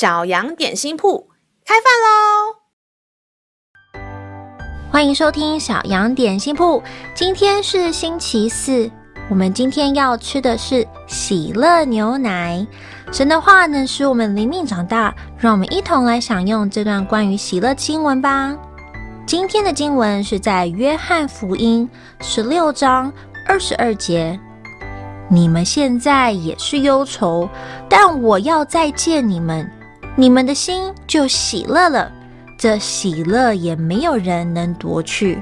小羊點心鋪開飯嘍！歡迎收聽小羊點心鋪。今天是星期四，我們今天要吃的是喜樂牛奶。神的話能使我們靈命長大，讓我們一同來享用這段關於喜樂的經文吧。今天的經文是在約翰福音十六章二十二節：你們現在也是憂愁，但我要再見你們。你們的心就喜樂了，這喜樂也沒有人能奪去。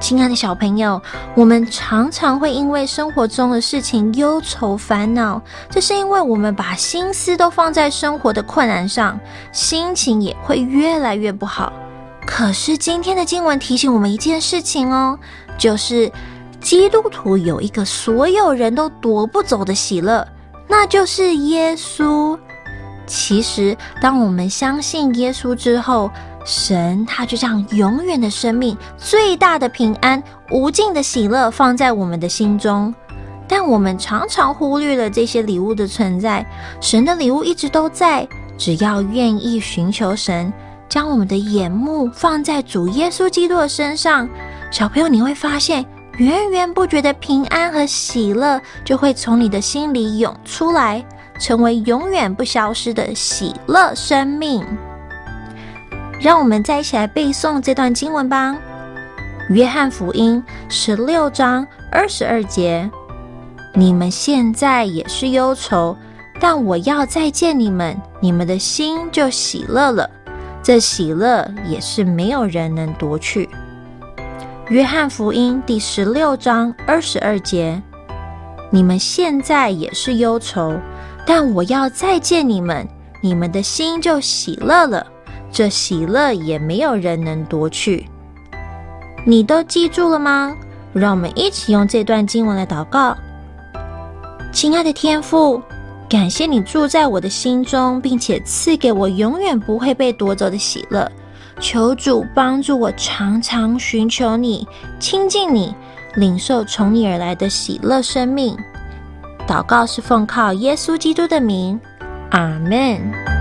親愛的小朋友，我們常常會因為生活中的事情憂愁煩惱，這是因為我們把心思都放在生活的困難上，心情也會越來越不好。可是今天的經文提醒我們一件事情哦，就是基督徒有一個所有人都奪不走的喜樂，那就是耶穌。其實，當我們相信耶穌之後，神他就將永遠的生命、最大的平安、無盡的喜樂放在我們的心中。但我們常常忽略了這些禮物的存在。神的禮物一直都在，只要願意尋求神，將我們的眼目放在主耶穌基督的身上，小朋友你會發現，源源不絕的平安和喜樂就會從你的心裡湧出來。成為永遠不消失的喜樂生命。讓我們再一起來背誦這段經文吧。約翰福音十六章二十二節：你們現在也是憂愁，但我要再見你們，你們的心就喜樂了。這喜樂也是沒有人能奪去。約翰福音第十六章二十二節。你們現在也是憂愁，但我要再見你們，你們的心就喜樂了。這喜樂也沒有人能奪去。你都記住了嗎？讓我們一起用這段經文來禱告。親愛的天父，感謝你住在我的心中，並且賜給我永遠不會被奪走的喜樂。求主幫助我常常尋求你，親近你。領受從你而來的喜樂生命，禱告是奉靠耶穌基督的名，阿門。